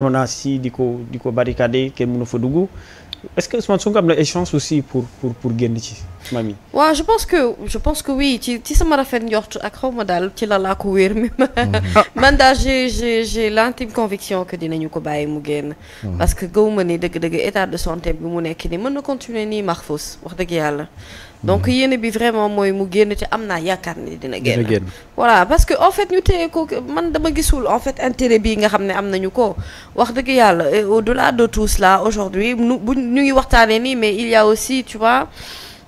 menaces yi di ko di ko barricadé kenn mënu fa dugg est-ce que Ousmane Sonko am na ay chance aussi pour pour pour génn ci mami. waa je pense que je pense que oui ci ci sama rafet njort ak xaw ma daal ci la laa ko wér mais mhm. ah. man daal j'ai l'intime conviction que dinañu ko bàyyi mu génn. Mhm. parce que gëwuma ni dëgg-dëgg état de santé bi mu nekk ni mën na continuer nii Mahfouz wax dëgg yàlla. donc mhm. yéene bi vraiment mooy mu génn ci am naa yaakaar ni dina génn voilà parce que en fait ñu téye ko man dama gisul en fait intérêt bii nga xam ne am nañu ko wax dëgg yàlla au delà de tout cela aujourd'hui nu bu ñu ngi waxtaanee nii mais il y aussi tu vois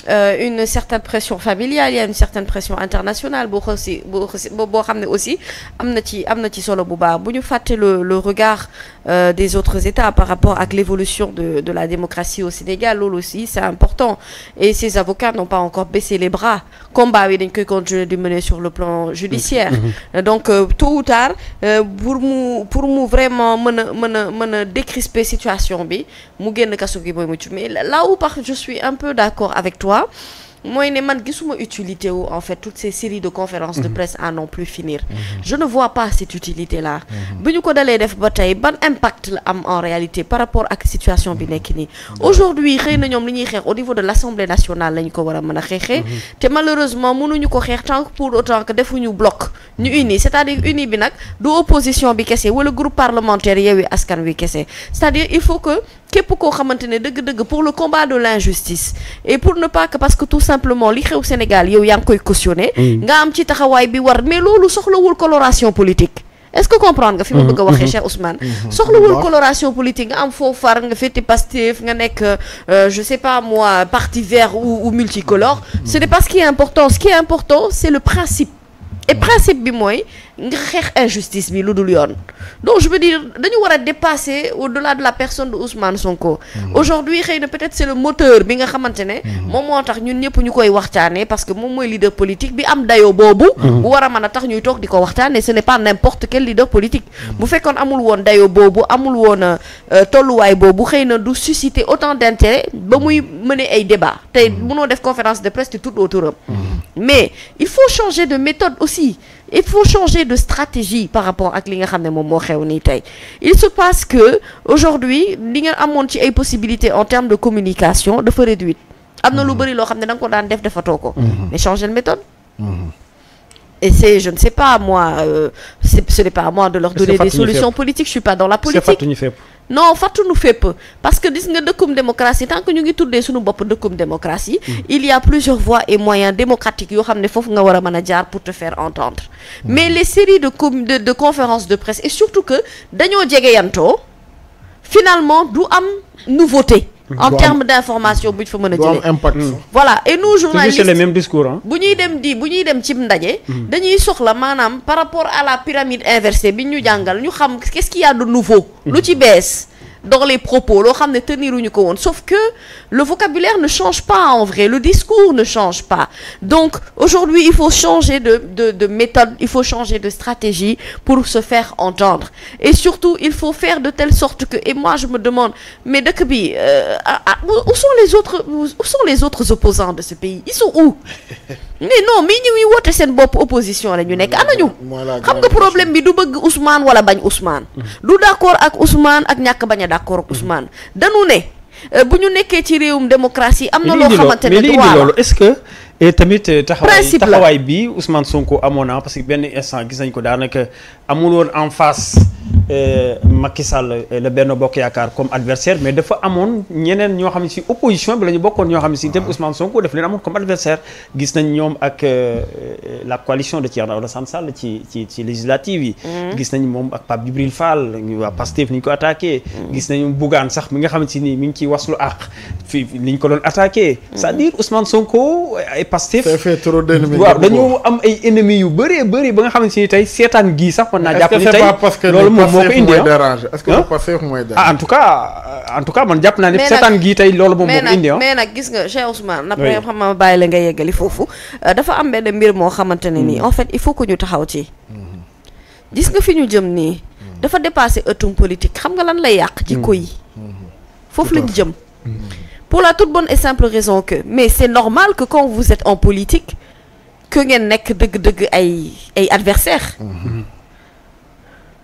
Euh, une certaine pression familiale il y a une certaine pression internationale boo xoosi boo boo xam ne aussi am na ci am na ci solo bu baax bu ñu fàtte le le regard euh, des autres États par rapport à l'évolution de, la démocratie au Sénégal loolu aussi c'est important et ces avocats n'ont pas encore baissé les bras combat bi dañ koy continuer di mener sur le plan judiciaire mm-hmm. Mm-hmm. donc euh, tôt ou tard euh, pour mu pour mu vraiment mën a mën a mën a décrisper situation bi mu génn kaso gi mooy mais là où par je suis un peu d'accord avec toi mooy ne man gisuma utilité wu en fait toutes ces séries de conférences de mhm. presse à non plus finir mhm. je ne vois pas cette utilité là mhm. bi ñu ko dalee def ba tey ban impact la am en réalité par rapport ak situation bi nekk nii aujourd'hui xëy na ñoom li ñuy xeex au niveau de l'Assemblée nationale lañ ko war a mën a xeexee te malheureusement mënuñu ko xeex tant que pour autant defu ñu bloc ñu uni c'est-à-dire uni bi nag du opposition bi kese wala groupe parlementaire Yewwi Askan Wi kese c'est-à-dire il faut que képp koo xamante ne dëgg-dëgg pour le combat de l'injustice et pour ne pas que parce que tout simplement li xew Sénégal yow yaa ngi koy cautionné mm. nga am ci taxawaay bi war mais loolu soxlawul coloration politique est-ce que comprendre nga fi ma mm. bëgg a waxee mm-hmm. Cheikh Ousmane mm-hmm. Mm-hmm. soxlawul coloration politique nga am foo nga féete Pastef nga nekk euh, je sais pas moi parti vert ou, ou multicolore ce n'est pas ce ce qui est important c'est le principe et principe bi mooy nga xeex injustice bi lu dul yoon donc je veux dire dañu war a dépasser au-delà de la personne de Ousmane Sonko. Mhm. aujourd'hui xëy na peut-être c'est le moteur bi nga xamante ne. Mhm. moom moo tax ñun ñëpp ñu koy waxtaane parce que moom mooy leader politique bi am dayoo boobu. Mhm. bu war a a tax ñuy toog di ko waxtaanee ce n'est pas n'importe quel leader politique. bu fekkoon amul woon dayoo boobu amul woon euh, tolluwaay boobu xëy na du susciter autant d'intérêt ba muy mener ay débat tey mënoo def conférence de presse te tout mais il faut changer de méthode aussi il faut changer de stratégie par rapport ak li nga xam ne moom moo xew nii tey il se passe que aujourd'hui li ngeen amoon ci ay possibilités en termes de communication dafa réduite am na lu mhm. bëri loo xam ne da nga ko daan def dafa ko mhm. mais changer de méthode mhm. et c'est je ne sais pas euh, ce n'est pas à moi de leur donner des solutions politiques je suis pas dans la politique non fàttunu fépp parce que gis nga dëkkum démocratie tant que ñu ngi tuddee suñu bopp dëkkum démocratie mm. il y plusieurs voies et moyens démocratiques yoo xam ne foofu nga war a mën a jaar pour te faire entendre mm. mais les séries de com de, de conférences de presse et surtout que dañoo jegeyantoo finalement du am nouveauté en terme d' information bu ñu fa mën a jëlee impact hmm. Hmm. voilà et nous journalistes le même discours bu ñuy dem di bu ñuy dem cib ndaje hmm. dañuy soxla maanaam par rapport à la pyramide inversée bi ñu jàngal ñu xam qu'est-ce qu'il y a de nouveau lu ci bees dans les propos loo xam ne teniruñu ko woon sauf que le vocabulaire ne change pas en vrai le discours ne change pas donc aujourd'hui il faut changer de de de méthode il faut changer de stratégie pour se faire entendre et surtout il faut faire de telle sorte que et moi je me demande mais dëkk bi euh, ah, ah, où sont les autres où sont les autres opposants de ce pays ils sont où mais non mais ñu ngi woote seen bopp opposition la ñu nekk anañu xam nga problème bi du bëgg Ousmane wala bañ Ousmane mm-hmm. du d'accord ak Ousmane ak ñàkk bañ a d'accord ak mm-hmm. Ousmane dañu ne euh, bu ñu nekkee ci réewum démocratie am na loo xamante ne droit loolu est-ce que et tamit euh, taxawaay taxawaay bi Ousmane Sonko amoon na parce que benn instant gis nañ ko daanaka amul woon en face Euh, Macky Sall euh, la Benno Bokk Yaakaar comme adversaire mais dafa amoon ñeneen ñoo xam ne si opposition bi la bokkoon ñoo xam ne si dem Ousmane Sonko daf leen amoon euh, mm. ni ñu ko attaqué mm. gis nañu Bougane sax mi nga xamante ni mi mm. waaw dañoo am ay ennemis yu bëree bëri ba nga xamante ni tey seetaan gii sax mën naa jàpp ni tey loolu moom moo ko indi ah. ah, tout cas euh, en tout cas man jàpp naa ne seetaan gii tey loolu moom moo ko ah. gis nga Cheikh Ousmane na première nga yeggali foofu euh, dafa am benn mbir moo xamante ne nii hmm. en fait il faut que ñu taxaw ci hmm. gis nga fi ñu jëm nii hmm. dafa dépassé ëttum politique xam nga lan lay yàq jikko yi foofu lañ jëm pour la toute bonne et raison que mais c'est normal que quand vous êtes en politique que ngeen nekk dëgg-dëgg ay ay adversaires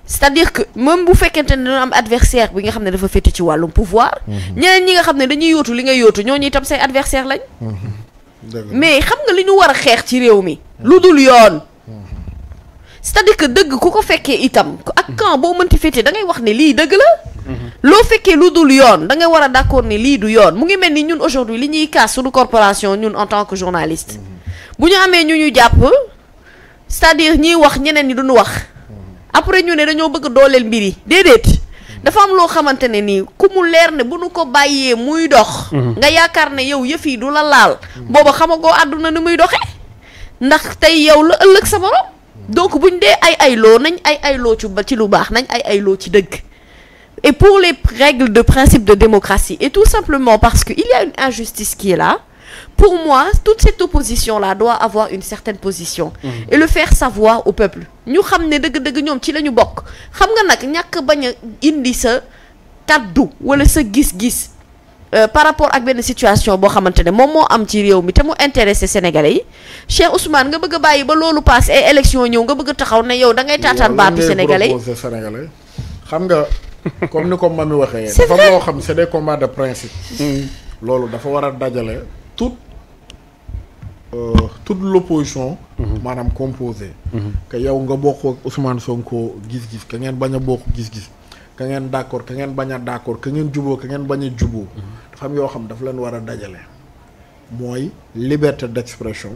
cest a dire que même bu fekkente ne dañoo am adversaire bi nga xam ne dafa féete ci wàllum pouvoir mhm. ñeneen ñi nga xam ne dañuy yootu li nga yóotu ñooñu itam say adversaire lañ mhm. mais xam nga li ñu war a xeex ci réew mi lu dul yoon mhm. c'est-à-dire que dëgg ku ko fekkee itam ak quand boo mënti féete da ngay wax ne lii dëgg la loo fekkee lu dul yoon da war a d'accord ni lii du yoon mu ngi mel ni ñun aujourd'hui li ñuy kaas suñu corporation ñun en tant que journaliste bu ñu amee ñu ñu jàpp c'est-à-dire wax ñeneen ñi duñu wax après ñu ne dañoo bëgg dooleel mbir yi déedéet dafa am loo xamante ne nii ku mu leer ne bu ñu ko bàyyee muy dox. Mhm. nga yaakaar ne yow yëf yi du la laal. Mhm. booba xamagoo àdduna ni muy doxee ndax tey yow la ëllëg sa borom. donc buñ dee ay ay loo nañ ay ay loo ci ba ci lu baax nañ ay ay loo ci dëgg. et pour les règles de principe de démocratie et tout simplement parce que il y a une injustice qui est pour moi toute cette opposition là doit avoir une certaine position mm. et le faire savoir au peuple ñu xam ne dëgg-dëgg ñoom ci la ñu bokk xam nga nag ñàkk bañ a indi sa kaddu wala sa gis-gis euh, par rapport ak benn situation boo xamante ne moom moo am ci réew mi te mu intéressé sénégalais yi Cheikh Ousmane nga bëgg bàyyi ba loolu passe ay élection ñëw nga bëgg taxaw ne yow da ngay taataan baatu sénégalais sénégalais xam nga kom ni ko mami waxee dafa loo xam c'est des combats de principe mm. loolu dafa war a dajale toute euh, toute l'opposition mhm. maanaam composée mhm. que yow nga bokkoo ak Ousmane Sonko gis-gis ka ngeen bañ a bokk gis-gis ka ngeen d'accord ka ngeen bañ a d'accord ka ngeen juboo ka ngeen bañ a juboo mhm. dafa am yoo xam dafa leen war a dajale mooy liberté d'expression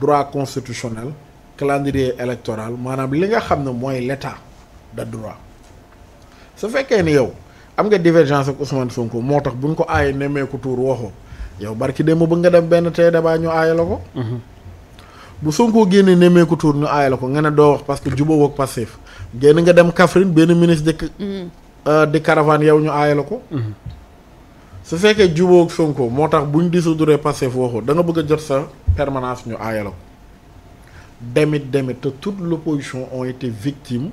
droit constitutionnel calendrier électoral maanaam li nga xam ne mooy l'état de droit su fekkee ni yow am nga divergence ak Ousmane Sonko moo tax buñ ko aaye nemmeeku tuur waxoo yow barki démb bu nga dem benn tey dabaa ñu aaya ko. Mhm. bu Sonko génnee nemmeeku tuur ñu aaya ko nga ne doo wax parce que jubóo ak passif génn nga dem Kaffrine benn ministre di mhm. euh, di caravane yow ñu aaya la ko. Mhm. su fekkee jubóo ak Sonko moo tax bu ñu dissoudre passif waxu da nga bëgg a jot sa permanence ñu aaya la ko demit demit te toute l'opposition ont été victimes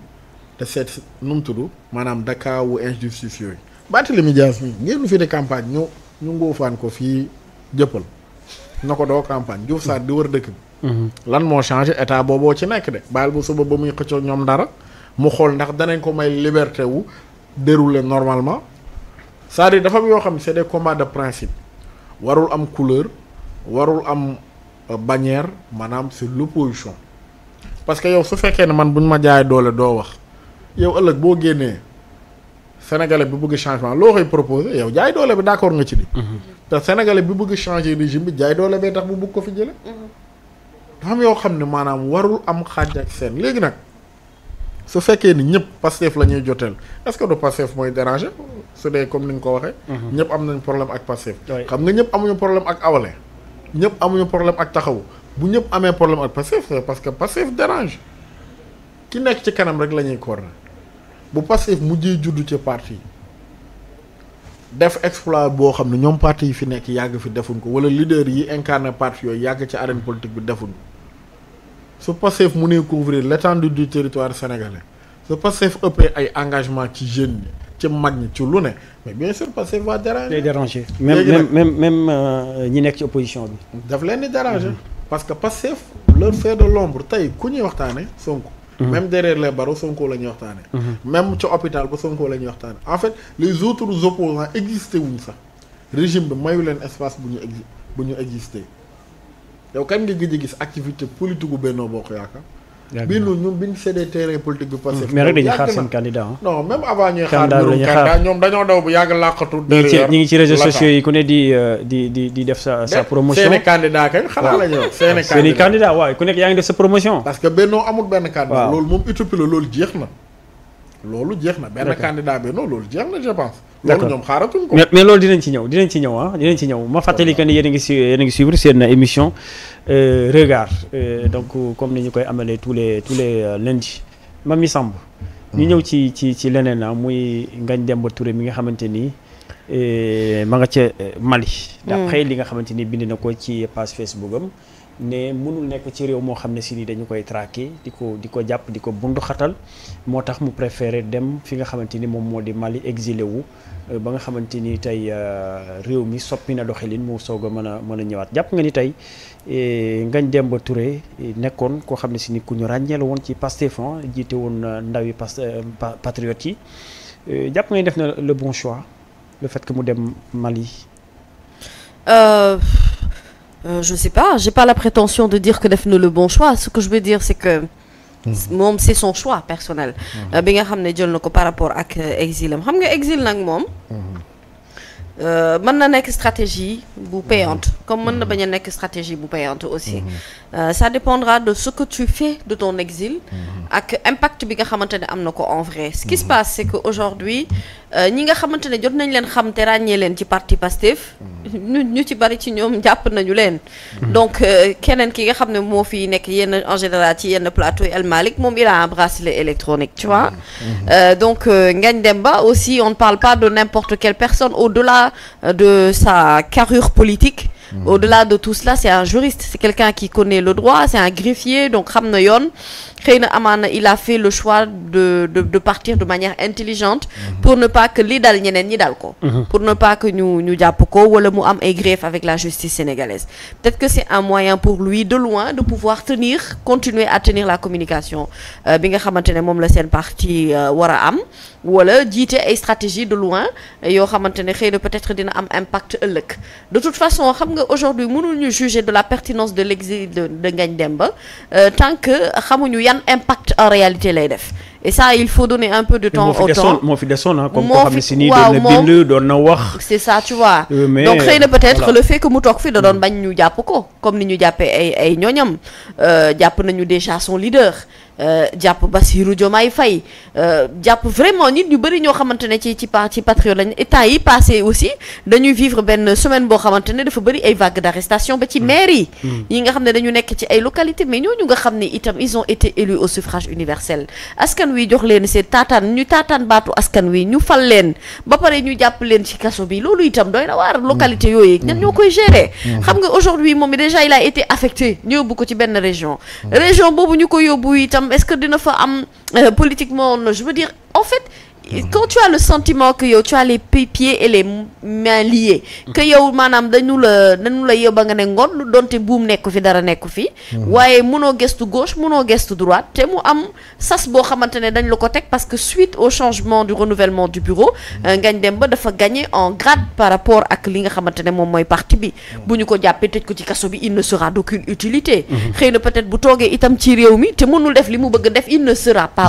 de cette nu mu tudd maanaam dakaawu injustice yooyu. Barthélémy Dias ngeen fi de campagne ñëw. ñu ngóofaan ko fii jëppal na ko doo campagne Diouf Sarr di war dëkk bi mhm. lan moo changé état booboo ci nekk de bàyyil bu suba ba muy xëccoo ñoom dara mu xool ndax danañ ko may liberté wu dérouler normalement cest à dafa am yoo xam ne c'est des combats de principe warul am couleur warul am euh, bannière maanaam sur lu parce que yow su fekkee ne man buñ ma jaay doole doo wax yow ëllëg boo génnee sénégalais bi bëgg changement loo koy proposé yow jaay doole bi d'accord nga ci di mhm. te sénégalais bi bëgg changer régime bi jaay doole bee tax bu bëgg ko fi jële mhm. dafa am yoo xam ne maanaam warul am xaaj ak seen léegi nag su fekkee ni ñëpp Pastef la ñuy joteel est-ce que du mooy déranger su dee comme ni nga ko waxee. Mhm. ñëpp am nañ problème ak Pastef. xam nga ñëpp amuñu problème ak Awalé. ñëpp amuñu problème ak taxawu bu ñëpp amee problème ak Pastef c'est parce que Pastef dérange ki nekk ci kanam rek la ñuy corner bu mu Pastef mujjee judd ca parti def exploit boo xam ne ñoom parti yi fi nekk yàgg fi defuñ ko wala leader yi incarné parti yooyu yàgg ci arène politique bi defuñ su Pastef mu ne couvrir l'étendue du territoire sénégalais su Pastef ëppee ay engagement ci jeunes yi ci mag ñi ci lu ne mais bien sûr Pastef va déranger. déranger même même même euh, ñi nekk ci opposition bi. daf leen di déranger mm-hmm. parce que Pastef leur fait de l'ombre tey ku ñuy waxtaane sonk Mm-hmm. même derrière les barreaux Sonko la ñuy waxtaanee. Mm-hmm. même ca hôpital ba sonkoo la ñuy waxtaanee en fait les autres opposants existé wuñ sax régime bi mayu leen espace bu ñu exi bu ñu existé yow kan gi gëj a gis activité politique gu Benno Bokk Yaakaar. bi ñu ñun bi ñu séddee terrain politique bi. parce que mm. mais rek dañuy xaar seen candidat non ñoom dañoo daw bu yàgg làqatu. derrière ñi ngi ci réseaux sociaux yi ku ne di euh, di di di def sa sa promotion. seeni candidat kay xanaa la seeni candidat seeni candidat ku nekk yaa ngi def sa promotion. parce que Benno amul benn candidat. loolu moom utopie la loolu jeex na. loolu jeex na benn candidat Benno loolu jeex na je d'accord ñoom xaaratuñ mais loolu dinañ ci ñëw dinañ ci ñëw ah dinañ ci ñëw ma fàttali que ni yéen a ngi su yéen a ngi suivre seen émission euh, regard euh, donc comme ni ñu koy amalee tous les tous les euh, lundis Mamy sàmb ñu hmm. ñëw ci ci ci leneen ah muy Ngagne Demba Touré mi nga xamante ni ma nga ca Mali. Hmm. d'après li nga xamante ni bind na ko ci page Facebook am. ne mënul nekk ci réew moo xam ne si nii dañu koy traqué di ko di ko jàpp di ko bundu xatal moo tax mu préféré dem fi nga xamante ni moom moo di Mali exilé wu euh, ba nga xamante ni tey euh, réew mi soppi na doxalin mu soog a mën a mën a ñëwaat jàpp nga ni tey ngañ e, Ngagne ba ture nekkoon koo xam ne si ni ku ñu ràññeel woon ci Pastef ah, jiite woon euh, ndawi past patriotes yi jàpp nga ni def na le bon choix lu fait que mu dem Mali. yi euh, je sais pas j'ai pas la prétention de dire que def na le bon choix ce que je veux dire c'est que mhm. moom c'est son choix personnel mhm. euh, bi nga xam ne jël na ko par rapport ak euh, exil am xam nga exil nag moom mhm. euh, mën na nekk stratégie bu payante comme mën na mhm. bañ a nekk stratégie bu payante aussi mhm. euh, ça dépendra de ce que tu fais de ton exil mhm. ak impact bi nga xamante ne am na ko en vrai ce qui se passe c'est que aujourd'hui euh, ñi nga xamante ne jot nañ leen xam te ràññee leen ci parti Pastef ñu ñu ci bari ci ñoom jàpp nañu leen donc euh, keneen ki nga xam ne moo fi nekk yenn en général ci yenn plateau El Malick moom il a un bracelet électronique tu vois euh, donc euh, Ngagne Demba aussi on ne parle pas de n'importe quelle personne au-delà de sa carrure politique Mmh. Au-delà de tout cela c'est un juriste c'est quelqu'un qui connaît le droit c'est un greffier donc xam na yoon xëy na amaana il a fait le choix de de de partir de manière intelligente. pour ne pas que li dal ñeneen ñi dal ko. Mhm. pour ne pas que ñu ñu jàpp ko wala mu am ay griefs avec la justice sénégalaise peut-être que c'est un moyen pour lui de loin de pouvoir tenir continuer à tenir la communication euh, bi nga xamante ne moom la seen parti euh, war a am. wala jiite ay stratégie de loin yoo xamante ne xëy na peut-être dina am impact ëllëg de toute façon xam nga aujourd'hui mënul ñu juger de la pertinence de l'exil de de Ngagne Demba euh, tant que xamuñu yan impact en réalité lay def et ça il faut donner un peu de temps au temps moo fi desoon ah comme doon na bind doon na wax c'est ça tu euh, mu toog fi da doon mm. bañ ñu jàpp ko comme ni ñu jàppee ay ay ñooñam euh, jàpp nañu déjà son leader Euh, jàpp Bassirou Diomaye Faye euh, jàpp vraiment nit ñu bëri ñoo xamante ne ci ci ci patriote lañ temps yi passé aussi dañuy vivre benn semaine boo xamante ne dafa bëri ay vague d'arrestation ba ci mm. maire yi mm. yi nga xam ne dañu nekk ci ay localité mais ñooñu nga xam ne itam ils ont été élus au suffrage universel askan wi jox leen seen taataan ñu taataan baatu askan wi ñu fal leen ba pare ñu jàpp leen ci kaso bi loolu itam doy na waar mm. localité yooyu ñan ñoo koy gérer xam nga aujourd'hui moom ko ci benn région région am est-ce que dina fa am euh, politiquement je veux dire en fait Mm-hmm. quand tu as le sentiment que yow tu as les pieds et les mains liés mm-hmm. que yow maanaam dañu la dañu a yóbba nga ne ngoon lu donte buum nekku fi dara nekku fi mm-hmm. waaye mënoo gestu gauche mënoo gestu droite te mu am sas boo xamante ne dañ la ko teg parce que suite au changement du renouvellement du bureau euh, Ngagne Demba dafa gagné en grade par rapport ak li nga xamante ne moom mooy parti bi bu ñu ko jàppee tëj ko ci kaso bi il ne sera d'aucune utilité xëy na peut-être bu toogee itam ci réew mi te mënul def li mu bëgg def il ne sera pas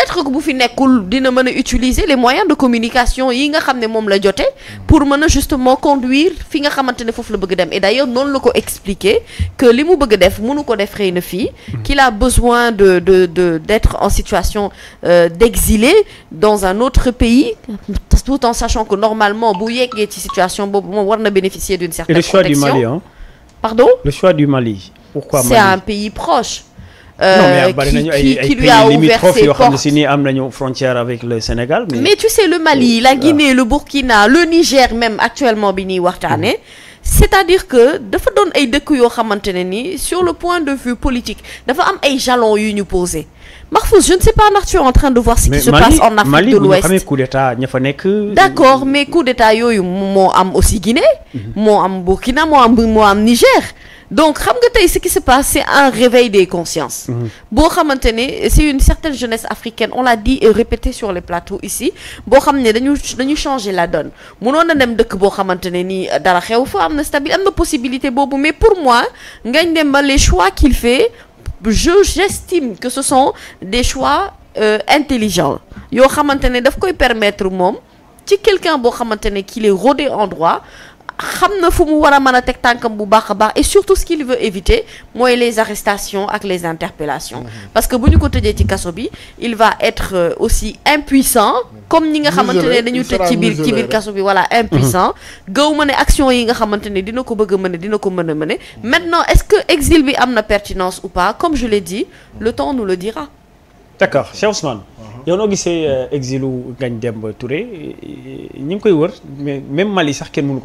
peut-être que bu fi nekkul dina mën utiliser les moyens de communication yi nga xam ne moom la jote pour mën a justement conduire fi nga xamante ne foofu la bëgg dem et d'ailleurs noonu la ko expliquer que li mu bëgg def mënu ko def xëy na fii hmm. qu'il a besoin de de de d'être en situation euh, d'exilé dans un autre pays tout en sachant que normalement bu yeggee ci situation boobu moom war na bénéficier d'une certaine protection. Et le choix du Mali? C'est un pays proche. Euh, non mais qui lui a ouvert ses portes si nii am nañu frontière avec le Sénégal. mais tu sais le Mali la Guinée le Burkina le Niger même actuellement bi ñuy waxtaanee. Mhm. c'est-à-dire que dafa doon ay dëkk yoo xamante ne ni sur le point de vue politique dafa am ay jalons yu ñu posé Mahfouz je ne sais pas ndax tu es en train de voir ce qui se passe en Afrique de l'Ouest ña fa nekk d'accord euh, mais coup d'état yooyu moo am aussi Guinée mhm. moo am Burkina moo am moo am donc xam nga tey ce qui se passe un réveil des consciences mhm. boo xamante ne c'est une certaine jeunesse africaine on l'a dit et répété sur les plateaux ici boo xam ne dañu dañu changer la donne mënoon na dem dëkk boo xamante ne nii euh, dara xew fa am na stabilité am na possibilité boobu mais pour moi Ngagne Demba les choix qu'il fait je j'estime que ce sont des choix euh, intelligents yoo xamante ne daf koy permettre moom ci quelqu'un boo xamante ne qu'il est rodé en droit xam na fu mu war a man a teg tànkam bu baax a baax et surtout ce qu'il veut éviter mooy les arrestations ak les interpellations mm-hmm. parce que bu ñu ko tëjee ci kaso bi il va être euh, aussi impuissant comme ñi nga xamante ne dañu tëj ci biir ci biir kaso bi voilà impuissant mm-hmm. gaw ma ne action yi nga xamante ne dina ko bëgg a mëne dina ko mën a mëne maintenant est-ce que exil bi am na pertinence ou pas comme je l'ai dit le temps nous le dira d'accord Cheikh Ousmane yow noo gisee euh, exilu ngi koy wër mais même Mali sax kenn